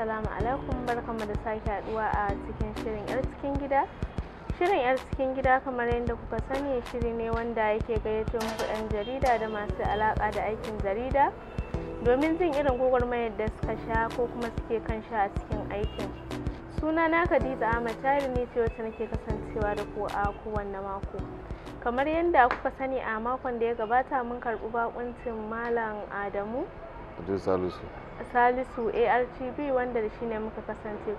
assalamu alaikum barkamu da sake haduwa a cikin shirin yar cikin gida shirin yar cikin gida kamar yadda kuka sani shiri ne wanda yake gayyato muku yan jarida da masu alaka da aikin jarida domin jin irin gwagwarmayar da suka sha ko kuma suke kan sha a cikin aikin suna na khadija ahmad tari ne ce wacce nake kasancewa da ku a kowanne mako kamar yadda kuka sani a makon da ya gabata mun karɓi bakuncin malam adamu Salisu. Salisu ARTB wanda da shi ne muka kasance.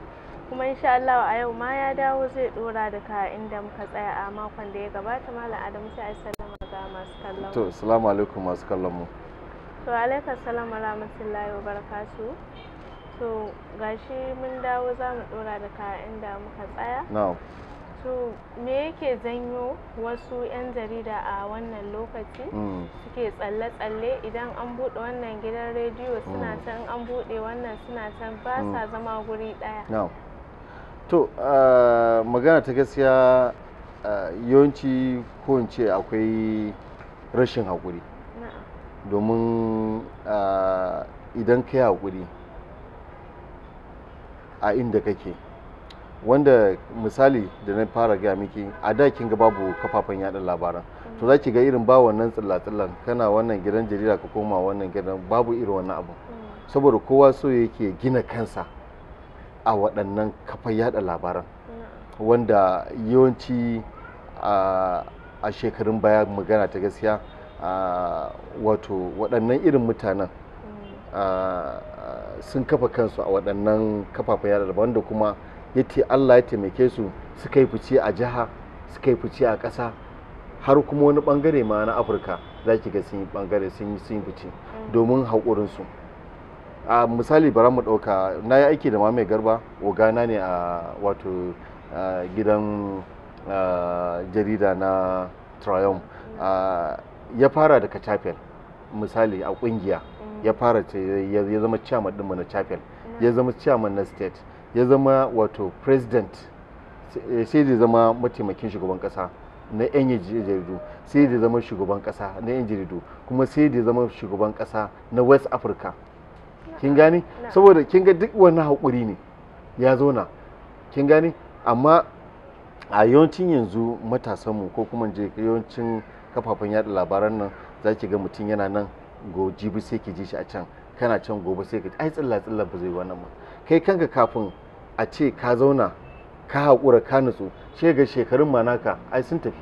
Kuma insha Allah a yau ma ya dawo zai dora ka inda muka tsaya a makon da ya gabata Malam Adamu sai yi sallama ga masu kallon. To, assalamu alaikum masu kallon mu. To, alaikum salam wa rahmatullahi wa barakatu. To, gashi mun dawo za mu da ka inda muka tsaya. Na'am. to me yake janyo wasu 'yan jarida a wannan lokaci mm. suke tsalle-tsalle idan an buɗe wannan gidan rediyo suna mm. can an buɗe wannan suna can ba mm. sa zama guri ɗaya to ah, magana ta gaskiya ah, yawanci ko in ce akwai rashin haƙuri domin ah, idan ka yi haƙuri a inda kake wanda misali da na fara gaya miki a da kin ga babu kafafen yada labaran to zaki ga irin ba wannan tsilla kana wannan gidan jarida ka koma wannan gidan babu irin wannan abu saboda kowa so yake gina kansa a waɗannan kafar yada labaran wanda yawanci a shekarun baya magana ta gaskiya wato waɗannan irin mutanen sun kafa kansu a waɗannan kafafen yada labaran da kuma ya ce allah ya taimake su suka yi fice a jiha suka yi fice a ƙasa har kuma wani bangare ma na afirka za ki ga sun yi bangare sun yi fice domin haƙurinsu a misali bara mu ɗauka na yi aiki da ma mai garba ogana ne a wato gidan jarida na triumph ya fara da kachapel misali a ƙungiya ya fara ya zama chairman ɗinmu na chapel ya zama chairman na state ya zama wato president sai da zama mataimakin shugaban kasa na 'yan jaridu sai da zama shugaban kasa na 'yan jaridu kuma sai da zama shugaban kasa na west africa kin gane saboda kin ga duk wani haƙuri ne ya zauna kin gane amma a yawancin yanzu matasanmu ko kuma je yawancin kafafen yada labaran nan zaki ga mutum yana nan go jibi sai ki ji shi a can kana can gobe sai ka ai tsilla tsilla ba zai wannan ba kai kanka kafin a ce ka zauna ka haƙura ka nutsu she ga shekarun manaka ai sun tafi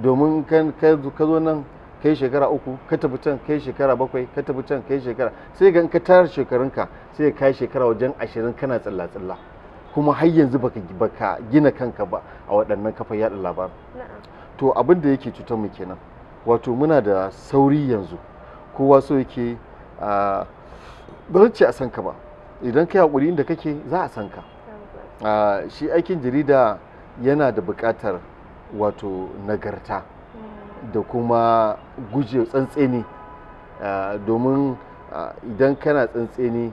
domin ka zo nan kai shekara uku ka tafi can kai shekara bakwai ka tafi can kai shekara sai ga ka tara shekarunka sai ka shekara wajen ashirin kana tsilla tsilla kuma har yanzu baka baka gina kanka ba a waɗannan kafa yaɗa labarin to abin da yake cutar mu kenan wato muna da sauri yanzu kowa so yake ba zan ce a san ka ba idan ka haƙuri inda kake za a san ka shi aikin jarida yana da buƙatar wato nagarta da kuma guje tsantseni domin idan kana tsantseni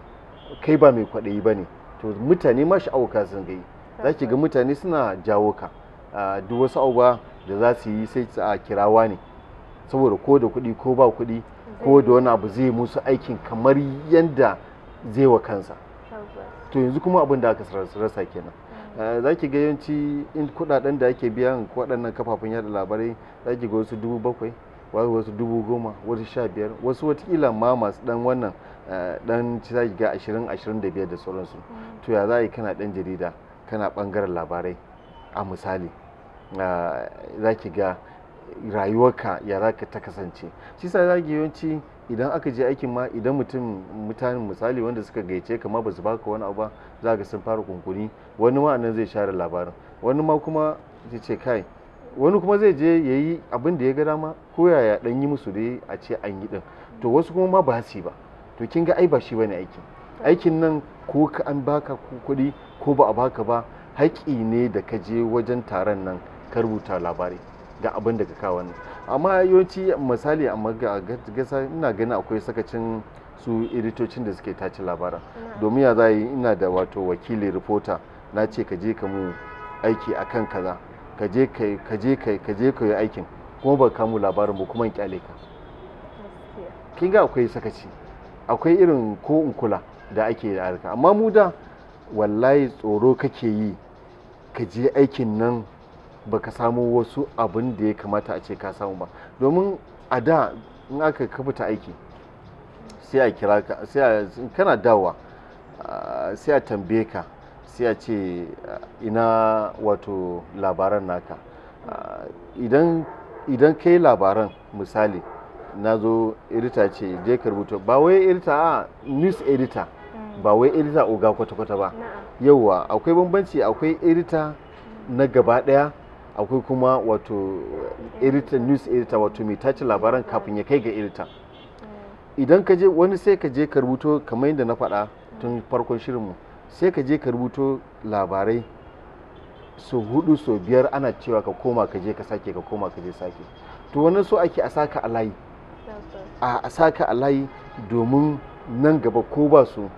kai ba mai kwaɗayi ba ne to mutane ma sha'awuka sun gai za ki ga mutane suna jawo ka duk wasu abubuwa da za su yi sai a kirawa ne saboda ko da kuɗi ko ba kuɗi ko da wani abu zai musu aikin kamar yadda zai wa kansa to yanzu kuma abin da aka rasa kenan eh, za ki ga yawanci in kudaden da ake biyan waɗannan kafafun yada labarai za ki ga wasu dubu bakwai wasu dubu goma wasu sha biyar wasu watakila ma masu dan wannan dan eh, ci za ki ga ashirin ashirin da biyar da sauransu to ya za a yi kana dan jarida kana bangaren labarai a misali eh, za ki ga rayuwarka ya za ka ta kasance shi sa za yawanci idan aka je aikin ma idan mutum mutanen misali wanda suka gaice kama ba su baka wani abu ba za ka sun fara kunkuni wani ma nan zai share labarin wani ma kuma zai ce kai wani kuma zai je ya yi abin da ya ga dama ko yaya dan yi musu dai a ce an yi din to wasu kuma ma ba su ba to kin ga ai ba shi bane aikin aikin nan ko ka an baka kuɗi ko ba a baka ba haƙƙi ne da ka je wajen taron nan ka rubuta labari ga abin da ka kawo wannan amma yawanci misali amma gasa ina ganin akwai sakacin su editocin da suke tace labaran domin ya za yi ina da wato wakili reporter na ce ka je ka mu aiki a kan kaza ka je ka je ka je ka yi aikin kuma ba kamu labarin ba kuma in kyale ka kin ga akwai sakaci akwai irin ko in kula da ake da harka amma mu da wallahi tsoro kake yi ka je aikin nan baka samu wasu abin da ya kamata a ce ka samu ba domin a da in aka kafuta aiki sai a kira ka sai a kana dawa ah, sai a tambaye ka sai a ce ah, ina wato labaran naka ah, idan ka kai labaran misali na zo edita ce je ka rubuta ba wai edita a news editor mm. ba wai edita oga kwata-kwata ba yauwa akwai bambanci akwai edita na gaba daya akwai kuma wato eh, editor news editor wato mai tace labaran kafin ya kai ga editor idan ka je wani sai ka je ka rubuto kamar yadda na faɗa tun farkon mu sai ka je ka rubuto labarai so hudu so biyar ana cewa ka koma ka je ka sake ka koma ka je sake to wannan so ake a saka a layi a saka a domin nan gaba ko ba su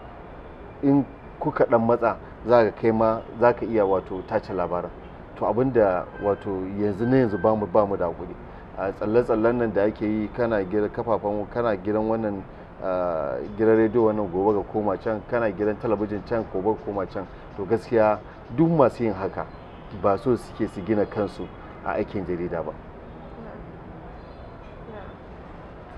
in kuka dan matsa za ka kai ma za ka iya wato tace labaran to abin da wato yanzu na yanzu bamu bamu da hakuri a tsalle-tsallen nan da ake yi kana gira kafafen kana giran wannan gidan rediyo wannan gobe ga koma can kana gidan talabijin can gobe ga koma can to gaskiya duk masu yin haka ba so suke su gina kansu a aikin jarida ba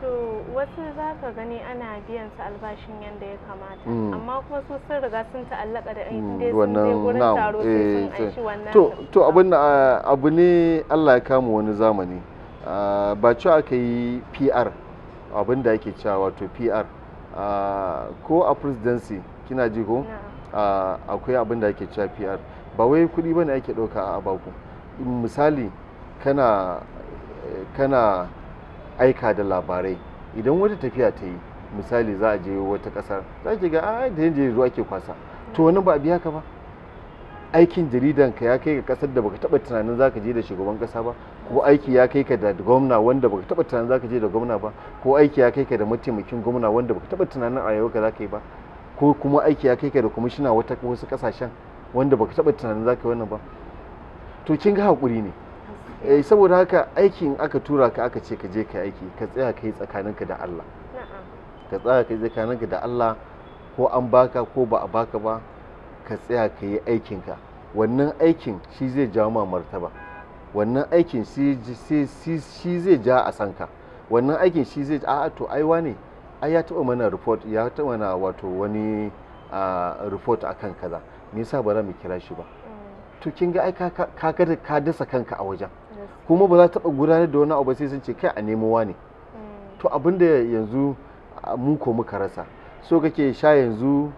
to wasu za ka gani ana biyan su albashin yadda ya kamata mm. amma kuma su sun riga sun ta'allaka da aiki mm, dai sun je gurin taro sun eh, aiki eh. wannan to to abin eh, abu ne Allah ya kama wani zamani ba cewa aka yi PR abin da ake cewa wato PR ko a presidency kina ji ko akwai abin da ake cewa PR ba wai kuɗi bane ake ɗauka a baku misali kana kana aika da labarai idan wata tafiya ta yi misali za a je wata kasar za ki ga a da yin jaridu ke kwasa to wani ba a biya ka ba aikin jaridan ka ya kai ka kasar da baka taba tunanin zaka je da shugaban kasa ba ko aiki ya kai ka da gwamna wanda baka taba tunanin zaka je da gwamna ba ko aiki ya kai ka da mataimakin gwamna wanda baka taba tunanin a yau ka zaka yi ba ko kuma aiki ya kai ka da kwamishina wata wasu kasashen wanda baka taba tunanin zaka yi wannan ba to kin ga hakuri ne eh saboda haka aikin aka tura ka aka ce ka je ka aiki ka tsaya kai tsakaninka da Allah ka tsaya kai tsakaninka da Allah ko an baka ko ba a baka ba ka tsaya ka yi aikinka wannan aikin shi zai jawo ma martaba wannan aikin shi zai ja a sanka wannan aikin shi zai a to aiwa ne ai ya taba mana report ya taɓa mana wato wani report akan kaza me yasa ba za mu kira shi ba mm. to kin ga ai ka dasa kanka a wajen kuma ba za ta taɓa gudanar da wani abu sai sun ce kai a nemowa ne mm. to abin da yanzu mu ko muka rasa so kake sha yanzu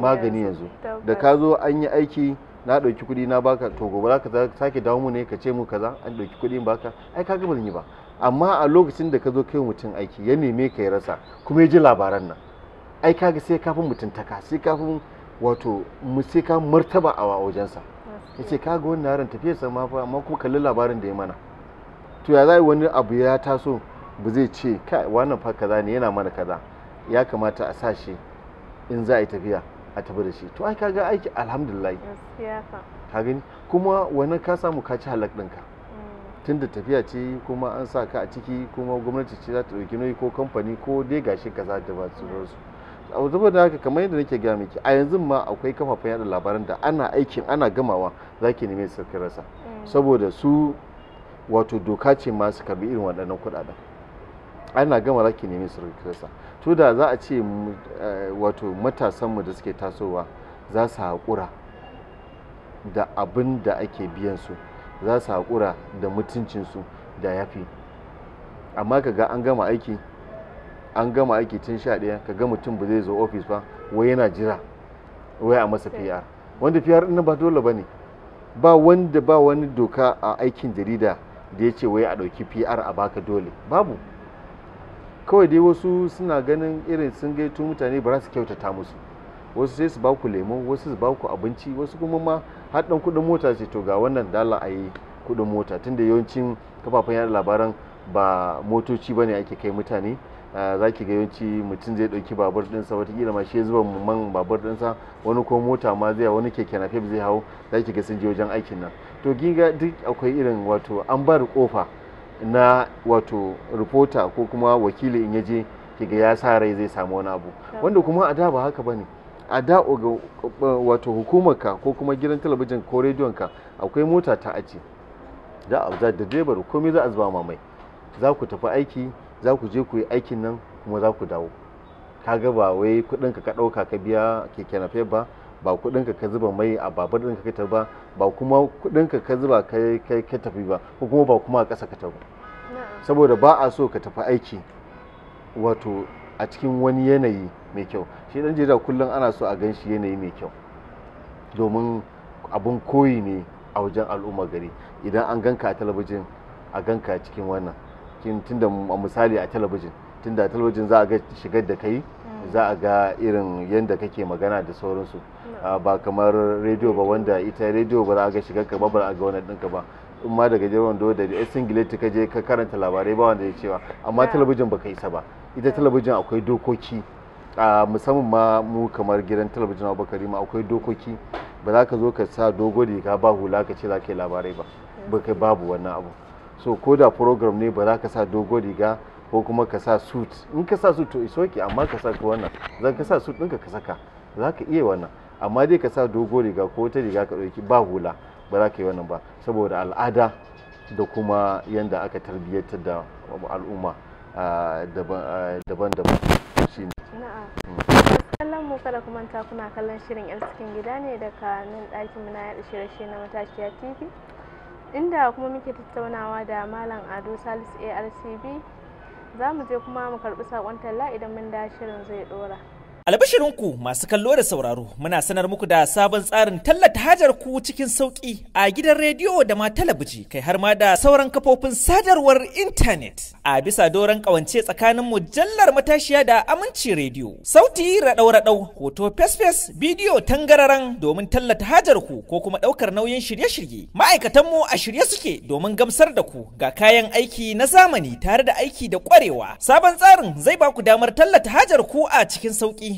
magani yanzu da ka zo an yi aiki na ɗauki kuɗi na baka to gobe za ka sake dawo mu ne ka ce mu kaza an ɗauki kuɗi baka ai ka gaba yi ba amma a lokacin da ka zo kai mutum aiki ya neme ka ya rasa kuma ya ji labaran nan ai kaga sai kafin mutuntaka sai kafin wato sai ka martaba a wajensa ya ce ka ga yaron tafiya sama fa amma kuma kalli labarin da ya mana to ya zai wani abu ya taso ba zai ce kai wannan fa kaza ne yana mana kaza ya kamata a sa shi in za a yi tafiya a tafi da shi to ai kaga aiki alhamdulillah ka gani kuma wani ka samu ka ci halak ɗinka mm. da tafiya ce kuma an sa ka a ciki kuma gwamnati ce za ta ɗauki nauyi ko kamfani ko dai gashi kaza da ba su a zuba da haka kamar yadda nake gaya miki a yanzu ma akwai kafafen yada labaran da ana aikin ana gamawa za ki neme su rasa mm. saboda su wato doka ce ma su karbi irin waɗannan kuɗaɗen ana gama za ki neme su rasa to da za a ce eh, wato matasanmu da suke tasowa za su haƙura da abin da ake biyan su za su haƙura da mutuncinsu da yafi amma ka ga an gama aiki an gama aiki tun sha ɗaya ka ga mutum ba zai zo ofis ba wai yana jira wai a masa pr wanda pr ɗin ba dole ba ne ba wanda ba wani doka a aikin jarida da ya ce wai a ɗauki pr a baka dole babu kawai dai wasu suna ganin irin sun gaito mutane ba su kyautata musu wasu sai su baku lemo wasu su baku abinci wasu kuma ma har kudin mota ce to ga wannan dala a yi kudin mota tunda yawancin kafafen yada labaran ba motoci ba bane ake kai mutane za ki ga yawanci mutum zai ɗauki babur ɗinsa watakila ma shi zuba man babur ɗinsa wani ko mota ma zai wani keke na zai hau za ki ga sun je wajen aikin nan to giga duk akwai irin wato an bar kofa na wato reporter ko kuma wakili in yaje kiga ya sa rai zai samu wani abu wanda kuma a da ba haka bane a da ga wato hukumarka ko kuma gidan talabijin ko ka akwai mota ta ace da da direba komai za a zuba mamai za ku tafi aiki za ku je ku yi aikin nan kuma za ku dawo ga ba wai kuɗin ka ɗauka ka biya keke nafe ba ba kudin ka zuba mai a babur ɗin ka ka ba ba kuma kuɗin ka ka zuba ka tafi ba ko kuma ba kuma a ƙasa ka tafi saboda ba a so ka tafi aiki wato a cikin wani yanayi mai kyau shi dan jarida kullum ana so a gan shi yanayi mai kyau domin abun koyi ne a wajen al'umma gari idan an ganka a talabijin a ganka a cikin wannan tunda a misali a talabijin tunda talabijin za a ga shigar da kai hmm. za a ga irin yadda kake magana da sauransu hmm. ah, ba kamar rediyo ba wanda ita rediyo ba za a ga shigar ka ba ba a ga wani ɗinka ba in ma daga jirgin do da ya singileti ka je ka karanta labarai ba wanda ya cewa amma talabijin ba ka isa ba ita hmm. talabijin akwai dokoki a ah, musamman ma mu kamar gidan talabijin bakari ma akwai dokoki ba za ka zo ka sa dogo da riga ba hula ka ce za ka yi labarai ba babu wannan abu so ko da program ne ba za ka sa dogo riga ko kuma ka sa suit in ka sa suit to iso ki amma ka sa wannan zan ka sa suit ɗinka ka saka za ka iya wannan amma dai ka sa dogo riga ko ta riga ka ɗauki ba hula ba za ka yi wannan ba saboda al'ada da kuma yadda aka tarbiyyantar da al'umma daban-daban shi ne. Mm. kallon mu kada kuma ta kuna kallon shirin 'yan cikin gida ne daga nan ɗakin na yaɗa shirye-shirye na matashiya tv inda kuma muke tattaunawa da malam ado salisu arcb za mu je kuma mu karbi sakon talla idan mun da shirin zai dora Albashirinku masu kallo da sauraro muna sanar muku da sabon tsarin tallata hajar ku cikin sauki a gidan rediyo da ma talabiji kai har ma da sauran kafofin sadarwar intanet a bisa doron kawance tsakanin mujallar matashiya da aminci rediyo. Sauti raɗau-raɗau hoto fesfes bidiyo tangararan domin tallata hajar ku ko kuma ɗaukar nauyin shirye-shirye. Ma'aikatanmu a shirye suke domin gamsar da ku ga kayan aiki na zamani tare da aiki da ƙwarewa. Sabon tsarin zai ba ku damar tallata hajar ku a cikin sauki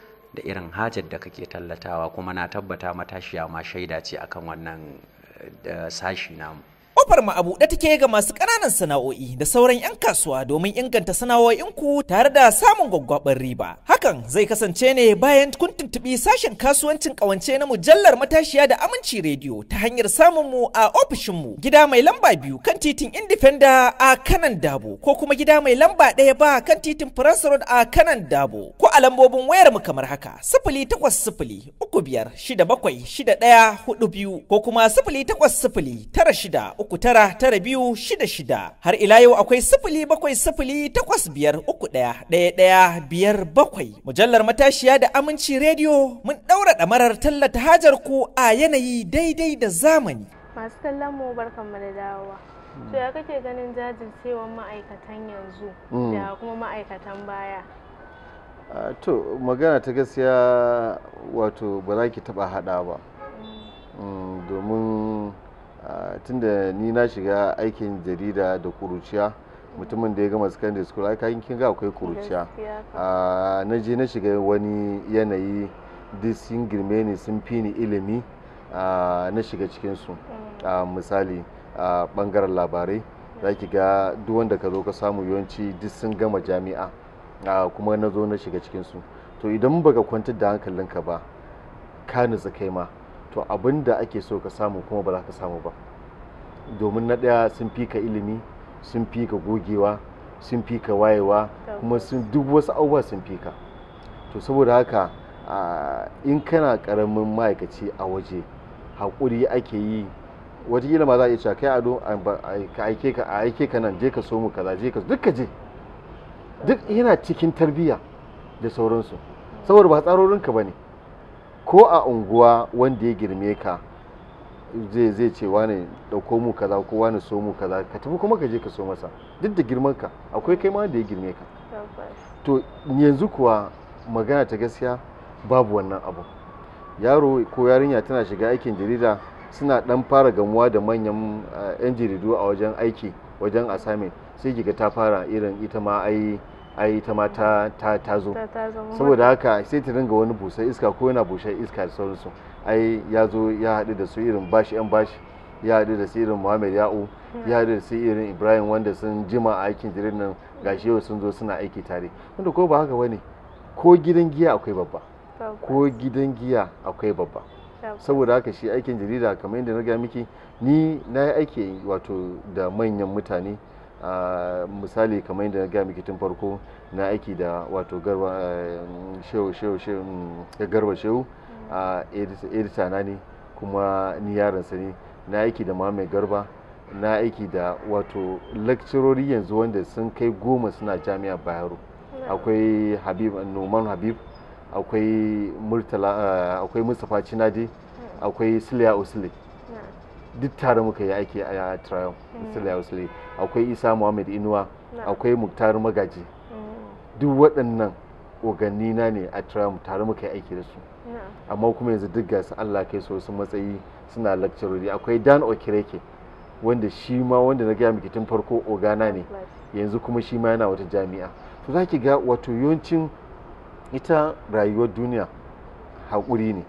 da irin hajar da kake tallatawa kuma na tabbata matashiya ma shaida ce akan wannan eh, sashi namu kofar mu a buɗe take ga masu ƙananan sana'o'i da sauran 'yan kasuwa domin inganta sana'o'inku tare da samun gwaggwabar riba. Hakan zai kasance ne bayan kun tuntuɓi sashen kasuwancin ƙawance na mujallar matashiya da aminci rediyo ta hanyar samun mu a ofishinmu. gida mai lamba biyu kan titin Indifenda a kanan dabo ko kuma gida mai lamba ɗaya ba kan titin France a kanan dabo ko a lambobin wayar mu kamar haka sifili takwas sifili uku biyar shida bakwai shida ɗaya hudu biyu ko kuma sifili takwas sifili tara shida uku tara tara biyu shida shida har ila yau akwai sifili bakwai sifili takwas biyar uku ɗaya ɗaya ɗaya biyar bakwai mujallar matashiya da aminci rediyo mun ɗaura ɗamarar tallata hajar ku a yanayi daidai da zamani. masu kallon mu barkanmu da dawowa to ya kake ganin jajircewan ma'aikatan yanzu mm. da kuma ma'aikatan baya to magana ta gaskiya wato ba za ki taba hada ba mm, domin tunda ni na shiga aikin jarida da kuruciya mutumin da ya gama secondary school aka yin kin ga akwai kuruciya na je na shiga wani yanayi duk sun girme ni sun fi ni ilimi na shiga cikinsu mm. misali bangaren labarai za ki ga duk wanda ka zo ka samu yawanci duk sun gama jami'a kuma na zo na shiga cikin su to idan baka kwantar da hankalinka ba ka nutsa kai ma to abin da ake so ka samu kuma ba za ka samu ba domin na ɗaya sun fi ka ilimi sun fi ka gogewa sun fi ka wayewa kuma sun duk wasu abubuwa sun fi ka to saboda haka in kana karamin ma'aikaci a waje haƙuri ake yi wataƙila ma za a iya cewa kai ado a aike ka nan je ka so mu kaza je ka duk ka je duk yana cikin tarbiyya da sauransu saboda ba tsarorinka ba ne ko a unguwa wanda ya girme ka zai zai ce wani dauko mu kaza ko wani so mu kaza ka tafi kuma ka je ka so masa duk da girman ka akwai kai ma da ya girme ka to yanzu kuwa magana ta gaskiya babu wannan abu yaro ko yarinya tana shiga aikin jarida suna dan fara gamuwa da manyan eh, 'yan jaridu a wajen aiki wajen assignment sai kiga ta fara irin ita ma ai ai ta ma ta ta ta zo saboda haka sai ta dinga wani busa iska ko yana busa iska da sauransu ai ya zo ya haɗu da su irin bashi yan bashi ya haɗu da su irin muhammad ya'u ya haɗu da su irin ibrahim wanda sun jima a aikin jirin nan gashi yau sun zo suna aiki tare wanda ko ba haka bane ko gidan giya akwai babba ko gidan giya akwai babba saboda haka shi aikin jarida kamar yadda na gaya miki ni na yi aiki wato da manyan mutane a misali kamar yadda na ga miki tun farko na aiki da wato garba eh, shehu shehu shehu mm, a edita na ne kuma ni yaransa ne na aiki da mamaye garba na aiki da wato lakcirori yanzu wanda sun kai goma suna jami'a bayero akwai habib noman habib akwai murtala eh, akwai mustapha cinadi hmm. akwai silya usle hmm. duk tare muka yi aiki a trial hmm. silya usle akwai isa muhammad inuwa akwai muktar magaji duk waɗannan ogannina ne a trial tare muka yi aiki da su amma kuma yanzu duk gasu allah kai so su matsayi suna lakcarori akwai dan okireke wanda shi ma wanda na gaya miki tun farko ogana ne yanzu kuma shi ma yana wata jami'a to za ki ga wato yawancin ita rayuwar duniya haƙuri ne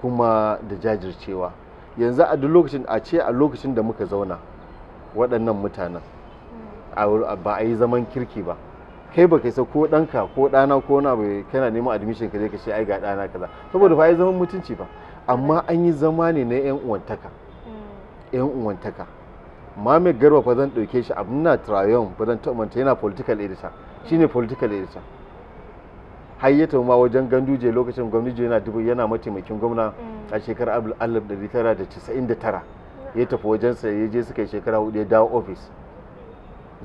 kuma da jajircewa yanzu a duk lokacin a ce a lokacin da muka zauna waɗannan mutanen ba a yi zaman kirki ba kai ba kai sa ko ɗanka ko ɗana ko na bai kana neman admission ka je ka ce ai ga ɗana kaza saboda ba a yi zaman mutunci ba amma an yi zama ne na yan uwantaka yan mm. uwantaka mai garba fa zan ɗauke shi abin na trayon fa zan taɓa yana political editor shine political editor har ya tauma wajen ganduje lokacin gwamnati yana dubu yana mataimakin gwamna mm. a shekarar 1999 ya tafi sa ya je suka yi shekara hudu ya dawo ofis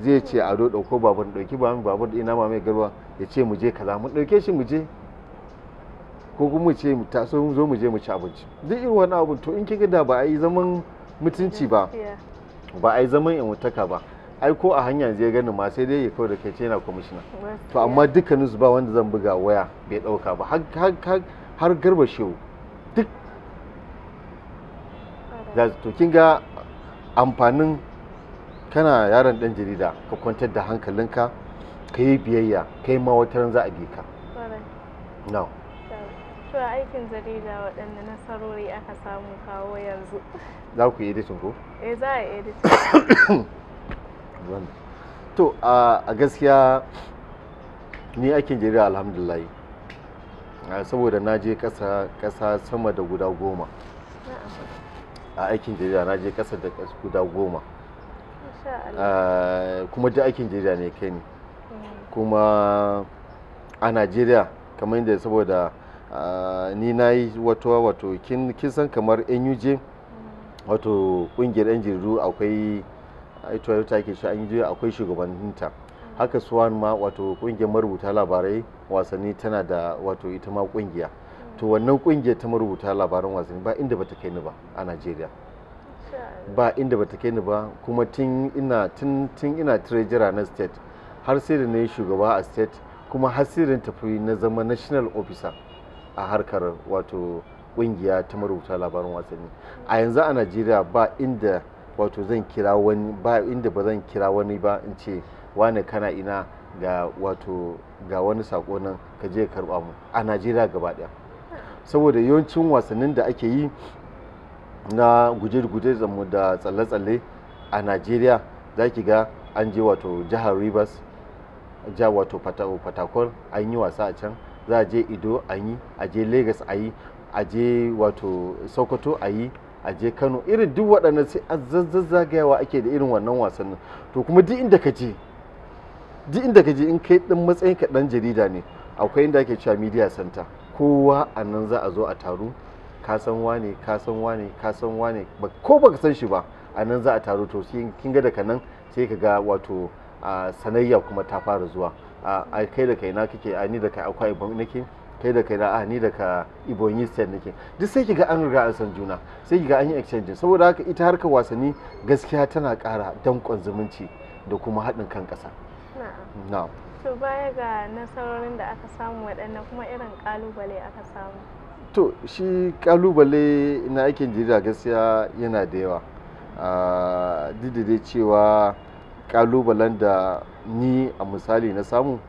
zai ce a do dauko babur dauki ba mu babur ina ma mai garba ya ce mu je kaza mu dauke shi mu je ko kuma mu ce mu taso mu zo mu je mu ci abinci duk irin wani abu to in kika da ba a yi zaman mutunci ba ba a yi zaman yan ba ai ko a hanya zai gani ma sai dai ya kawo da kai ce yana kwamishina to amma dukkanin su ba wanda zan buga waya bai dauka ba har garba shehu duk to kin ga amfanin kana yaron dan jarida ka kwantar da hankalinka ka yi biyayya kai ma mawatar za a bi ka now to aikin jarida waɗanne nasarori aka samu kawo yanzu za ku yi editing ko eh za a editing to a gaskiya ni aikin jarida alhamdulillah saboda na je kasa sama da guda goma a aikin jarida na je kasa da guda goma kuma duk aikin jarida ne kai ne mm. kuma a najeriya kamar yadda saboda ni na yi wato wato kin san kamar nuj mm. wato kungiyar yan jaridu akwai toyota ke shi an yi akwai shugabanninta haka swan ma wato kungiyar marubuta labarai wasanni tana da wato ita ma kungiya to wannan kungiyar ta marubuta labaran wasanni ba inda bata kai ni ba a najeriya ba inda bata kai ni ba kuma tun ina tun tun ina treasurer na state har sai da yi shugaba a state kuma har sai da tafi na zama national officer a harkar wato kungiya ta marubuta labaran wasanni a yanzu a najeriya ba inda wato zan kira wani ba inda ba zan kira wani ba in ce wane kana ina ga wato ga wani sako nan ka je karba mu a najeriya gaba daya saboda yawancin wasannin da ake yi na guje-guje da tsalle-tsalle a najeriya za ki ga an je wato jihar rivers ja wato an yi wasa a can za a je ido an yi a je lagos a yi a je wato sokoto a yi a je kano irin duk waɗannan sai a zazzagayawa ake da irin wannan wasannin to kuma duk inda ka je duk inda ka je in kai ɗan matsayin ka ɗan jarida ne akwai inda ake cewa media center kowa a nan za a zo a taru ka san wane ka san wane ka san wane ko baka san shi ba a nan za a taru to kin ga daga nan sai ka ga wato sanayya kuma ta fara zuwa a kai da kai na kake a ni da kai akwai nake kai da kai na ah ni daga ibonyi state nake duk sai kiga an riga an san juna sai kiga an yi exchange saboda haka ita harkar wasanni gaskiya tana kara danƙon zumunci da kuma haɗin kan ƙasa na'am to baya ga nasarorin da aka samu waɗannan kuma irin ƙalubale aka samu to shi ƙalubale na aikin jarida gaskiya yana da yawa ah, duk da cewa ƙalubalen da ni a misali na samu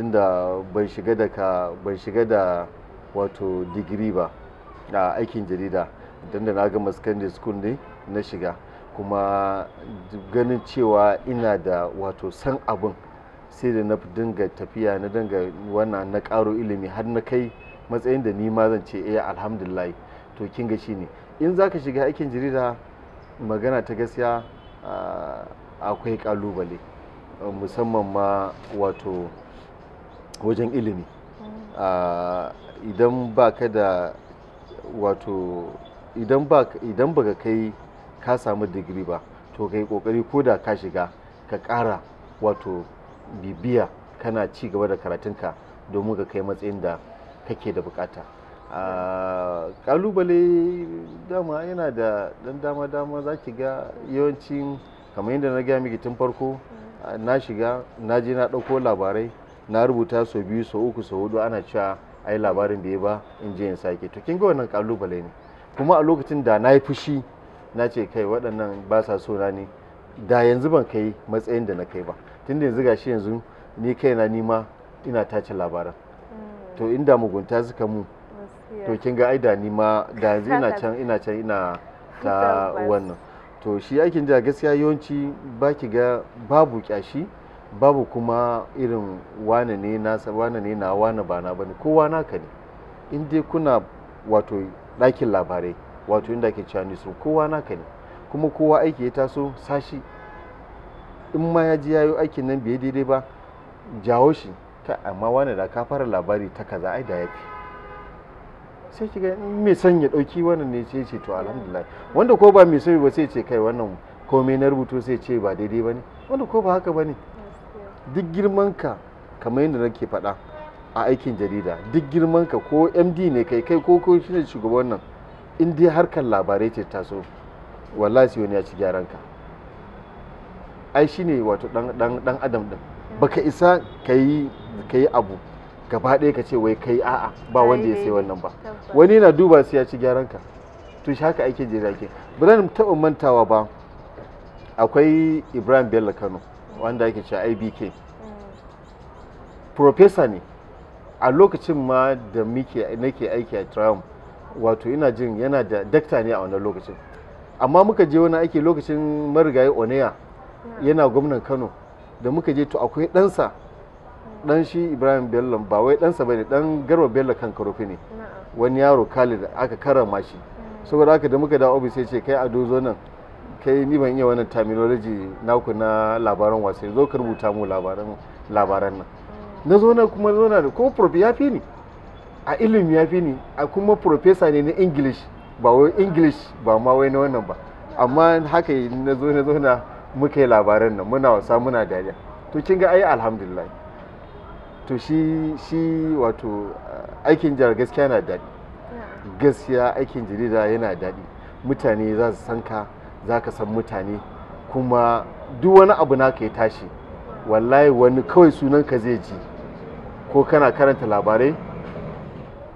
tunda ban shiga da ka ban shiga da wato digiri ba a aikin jarida don da na gama secondary school ne na shiga kuma ganin cewa ina da wato san abin sai da na dinga tafiya na dinga wannan na karo ilimi har na kai matsayin da ni ma zan ce eh alhamdulillah to kin ga shine in zaka shiga aikin jarida magana ta gaskiya akwai kalubale musamman ma wato wajen ilimi mm. ah, idan ba ka da wato idan ba ka kai ka samu digiri ba to ka yi kokari ko da ka shiga ka kara wato bibiya kana ci gaba da karatunka domin ka kai matsayin da kake da bukata kalubale ah, dama yana da dan dama dama za ki ga yawancin kamar yadda na gaya miki tun farko mm. ah, na shiga na je na ɗauko labarai na rubuta sau biyu sau uku sau hudu ana cewa ai labarin bai ba in je in sake to kin ga wannan kalubale ne kuma a lokacin da na yi fushi na ce kai waɗannan ba sa so na ne da yanzu ban kai matsayin da na kai ba tunda yanzu gashi yanzu ni kaina ni ma ina tace labaran mm. to inda mugunta suka mu to kin ga ai da ni ma da yanzu ina can ina can ina ta wannan to shi aikin da gaskiya yawanci baki ga babu kyashi babu kuma irin wane ne na wane ne na wane ba na bane kowa naka ne in dai kuna wato ɗakin labarai wato inda ke cewa newsroom kowa naka ne kuma kowa aiki ya taso sashi in ma ya ji yayo aikin nan bai daidai ba jawo shi ta amma wane da ka fara labari ta kaza ai da yafi sai ki ga in me ya dauki wannan ne sai ce to alhamdulillah wanda ko ba mai sani ba sai ce kai wannan komai na rubutu sai ce ba daidai bane wanda ko ba haka bane duk girmanka kamar yadda nake faɗa a aikin jarida duk girmanka ko md ne kai kai ko ko shi ne shugaban nan in dai harkar labarai ce taso wallahi sai wani ya ci gyaran ka ai shine wato dan dan adam din baka isa kai kai abu gaba ɗaya ka ce wai kai a'a ba wanda ya sai wannan ba wani yana duba sai ya ci gyaran ka to shi haka aikin jarida ke ba zan taɓa mantawa ba akwai ibrahim bello kano wanda ake cewa IBK mm. professor ne a lokacin ma da nake aiki a Triumph wato ina jin yana da dakta ne a wannan lokacin amma muka je wani aiki lokacin marigayi oneya mm. yana gwamnan kano da muka je to akwai ɗansa mm. ɗan shi ibrahim bello ba wai ɗansa ba ne ɗan garba bello kan karofi ne wani yaro khalid aka karama shi saboda haka da muka da ofis sai ce kai a dozo nan kai ni ban iya wannan terminology naku na labaran wasanni zo ka rubuta mu labaran labaran nan na zo na kuma zo na da ko prof ya fi ni a ilimi ya fi ni a kuma profesa ne na english ba wai english ba ma wai na wannan ba amma haka na zo na zo na muka yi labaran nan muna wasa muna dariya to kin ga ai alhamdulillah to shi shi wato aikin jar gaskiya na daɗi gaskiya aikin jarida yana daɗi mutane za su san ka za ka san mutane kuma duk wani abu naka ya tashi wallahi wani kawai sunan ka zai ji ko kana karanta labarai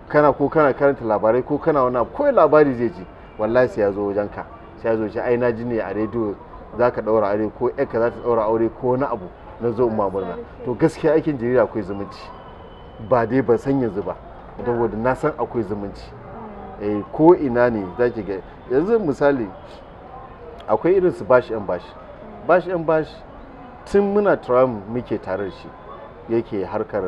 kana ko kana karanta labarai ko kana wani kawai labari zai ji wallahi sai ya zo wajen ka sai ya zo shi aina ji ne a rediyo za ka ɗaura aure ko ka za ta ɗaura aure ko wani abu na zo ma murna to gaskiya aikin jarida akwai zumunci ba dai ban san yanzu ba saboda na san akwai zumunci eh, ko ina ne za ki ga yanzu misali akwai irin su bashi yan bashi bashi yan bashi tun muna tram muke tare shi yake harkar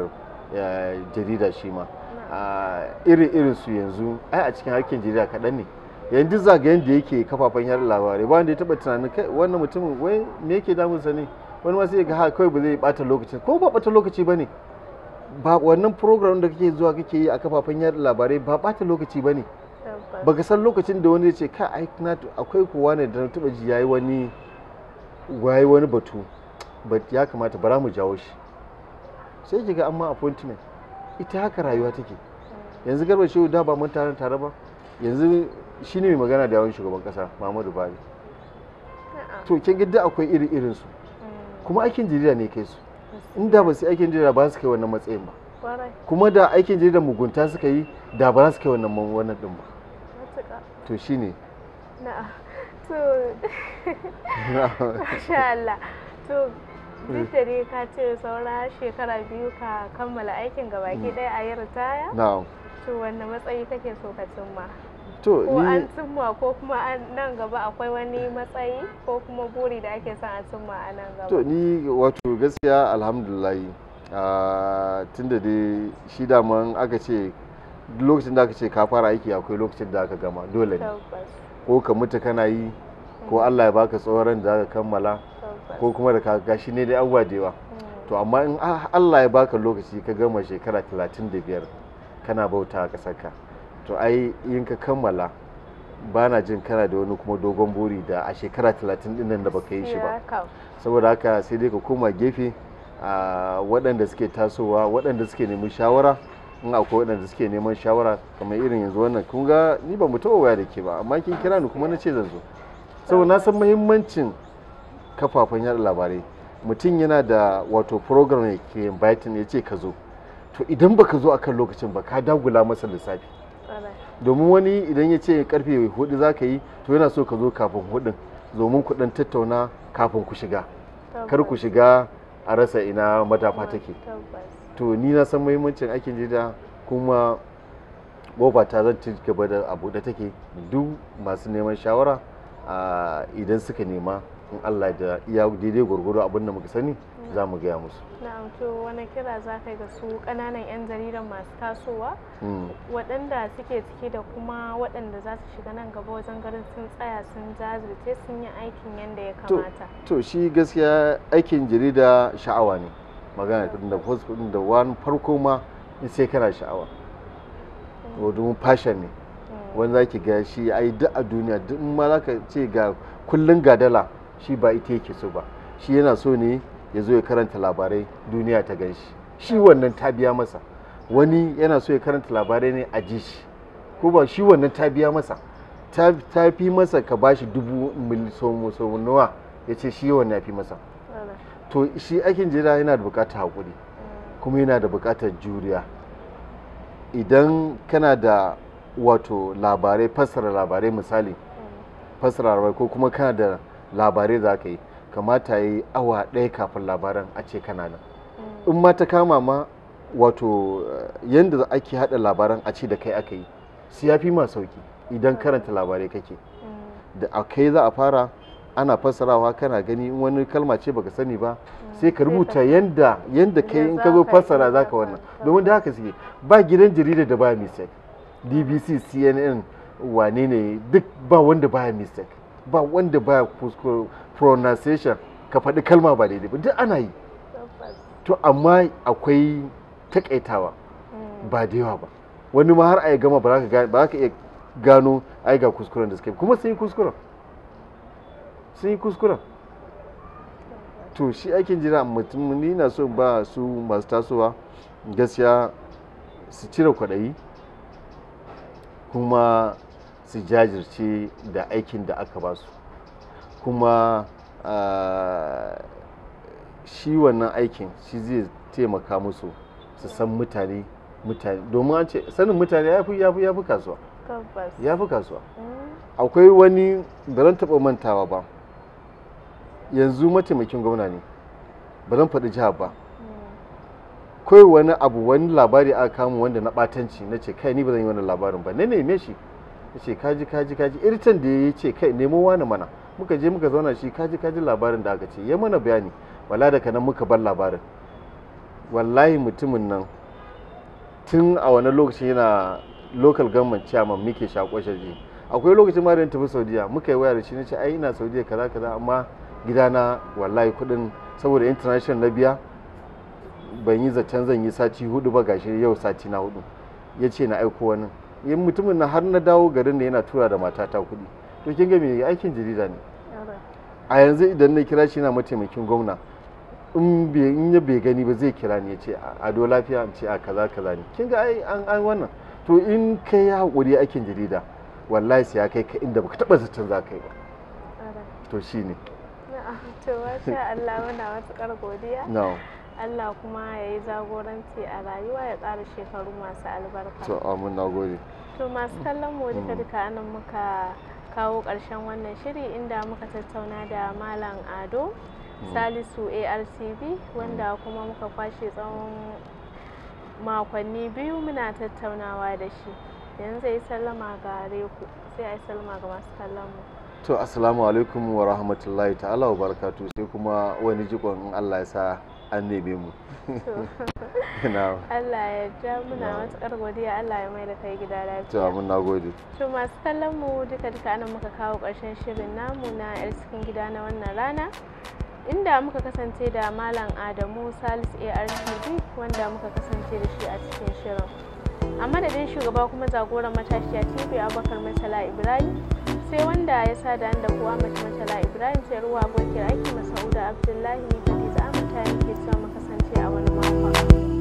eh, jarida shi ma ah, irin irin su yanzu ai a cikin harkin jarida kaɗan ne yanzu zagayen da yake kafafen yar labarai ba wanda ya taɓa tunanin kai wannan mutumin wai me yake damunsa ne wani wasu ga kawai ba zai bata lokaci ko ba bata lokaci ba ne ba wannan program da kake zuwa kake yi a kafafen yar labarai ba bata lokaci ba ne baka san lokacin da wani ya ce ka ai akwai kowa ne da na taba ji yayi wani yayi wani batu but ya kamata bara mu jawo shi sai ki ga amma appointment ita haka rayuwa take mm. yanzu garba shehu da ba mun tare tare ba yanzu shine mai magana da yawan shugaban kasa Muhammadu Buhari to kin gidda akwai iri irin su mm. kuma aikin jarida ne kai su inda ba su aikin jarida ba su kai wannan matsayin ba kuma da aikin jirida mugunta suka yi da ba za su kai wannan wannan din ba to shine na'am to masha Allah to duk da dai ka ce saura shekara biyu ka kammala aikin ga baki mm. ɗaya a yi ritaya na'am to wanne matsayi kake so ka cimma to ko an cimma ko kuma nan gaba akwai wani matsayi ko kuma buri da ake son a cimma a nan gaba to ni wato gaskiya alhamdulillah ah, tunda dai shi daman aka ce lokacin da aka ce ka fara aiki akwai lokacin da aka gama dole ne ko ka mutu kana yi ko Allah ya baka tsoron da aka kammala ko kuma da ka shi ne dai abubuwa da to amma in Allah ya baka lokaci ka gama shekara 35 kana bauta a ƙasarka to ai in ka kammala ba na jin kana da wani kuma dogon buri da a shekara 30 din nan da baka yi shi ba saboda haka sai dai ka koma gefe a waɗanda suke tasowa waɗanda suke neman shawara in akwai waɗanda suke neman shawara kamar irin yanzu wannan kun ga ni ba mu taɓa waya da ke ba amma kin kira ni kuma na ce zan zo Sau na san mahimmancin kafafen yada labarai mutum yana da wato program ya ke bayatin ya ce ka zo to idan ba ka zo a kan lokacin ba ka dagula masa lissafi domin wani idan ya ce karfe hudu za ka yi to yana so ka zo kafin hudun domin kuɗin tattauna kafin ku shiga kar ku shiga a rasa ina matafa take to ni na san muhimmancin aikin jarida kuma kofa ta zan ci gaba da abu da take duk masu neman shawara idan suka nema in Allah da iya daidai gwargwaro abin da muka sani za mu gaya musu. Na'am to wani kira za ka ga su ƙananan 'yan jaridan masu tasowa hmm. waɗanda suke ciki da kuma waɗanda za su shiga nan gaba wajen garin sun tsaya sun jazirce sun yi aikin yadda ya kamata. To shi gaskiya aikin jarida sha'awa ne. magana da da wani farko ma in sai kana sha'awa domin fasha ne mm. wani za ki ga shi yi duk a duniya duk ma za ka ce ga kullum gadala shi ba ita yake so ba shi yana so ne ya zo ya karanta labarai duniya ta gan shi shi wannan ta biya masa wani yana so ya karanta labarai ne a ji shi ko ba shi wannan ta biya masa ta fi masa ka ba shi dubu somo nawa ya ce shi wannan ya fi masa to shi aikin jira yana da bukatar haƙuri kuma yana da bukatar juriya idan kana da wato labarai fassara labarai misali fassara labarai ko kuma kana da labarai za ka yi kamata yi awa ɗaya kafin labaran a ce kana nan in ma ta kama ma wato eh, yadda ake haɗa labaran a ce da kai aka yi su ya fi ma sauki idan karanta labarai kake da kai za a fara ana fassarawa kana gani in wani kalma ce baka sani ba mm. sai ka rubuta yanda yanda kai in ka zo fassara zaka wannan domin da haka suke ba gidan jarida da ba mistake dbc cnn wane ne duk ba wanda baya mistake ba wanda baya pronunciation ka faɗi kalma ba daidai ba duk ana yi to amma akwai takaitawa mm. ba da yawa ba wani ma har a gama ba za ka iya gano ai ga kuskuren da suka yi kuma sun yi kuskuren sun yi kuskuren to shi aikin jira mutum ni na so ba su masu tasowa gaskiya su cire kwaɗayi kuma su jajirce da aikin da aka ba su kuma shi wannan aikin shi zai taimaka musu su san mutane mutane domin an ce sanin mutane ya fi ya fi kasuwa ya fi kasuwa mm. akwai wani da ran taɓa mantawa ba yanzu mataimakin gwamna ne ba zan faɗi jihar ba kawai wani abu wani labari aka kama wanda na ɓatanci na ce kai ni ba zan yi wannan labarin ba ne ne shi ya ce kaji kaji kaji irtan da ya ce kai nemo wani mana muka je muka zauna shi kaji kaji labarin da aka ce ya mana bayani wala da kanan muka bar labarin wallahi mutumin nan tun a wani lokaci yana local government chairman muke shakoshe akwai lokacin ma da tafi saudiya muka yi waya da shi na ce ai ina saudiya kaza kaza amma gidana wallahi kudin saboda international na biya ban yi zaton zan yi sati hudu ba gashi yau sati na hudu ya ce na aiko wani yin mutumin na har na dawo garin da yana tura da matata kudi to kin ga mai aikin jarida ne a yanzu idan na kira shi na mataimakin gwamna in ya bai gani ba zai kira ni ya ce a do lafiya ce a kaza kaza ne kin ga ai an wannan to in kai ya hakuri aikin jarida wallahi sai ya kai ka inda baka taba zaton za ka yi ba to shine to masha Allah muna matuƙar godiya Allah kuma ya yi zagoranci a rayuwa ya ƙara shekaru masu albarka to amin na gode to masu kallon mu duka mm. duka anan muka kawo ƙarshen wannan shiri inda muka tattauna da malam ado mm. salisu arcb wanda mm. kuma muka kwashe tsawon makonni biyu muna tattaunawa da shi yanzu ya yi sallama ga Reku, sai a yi sallama ga masu kallon mu to assalamu alaikum wa rahmatullahi ta'ala wa barakatu sai kuma wani jikon in Allah ya sa an neme mu Allah ya ja muna matukar godiya Allah ya mai da kai gida lafiya to mun nagode to masu kallon mu duka duka anan muka kawo ƙarshen shirin namu na yar cikin gida na wannan rana inda muka kasance da malam Adamu Salis artd wanda muka kasance da shi a cikin shirin a madadin shugaba kuma jagoran matashiya TV Abubakar Masala Ibrahim sai wanda ya sa da kuwa mace la ibrahim sai ruwa abokiyar aiki masauda abdullahi ne ta fi za mu ke cewa makasance a wani makon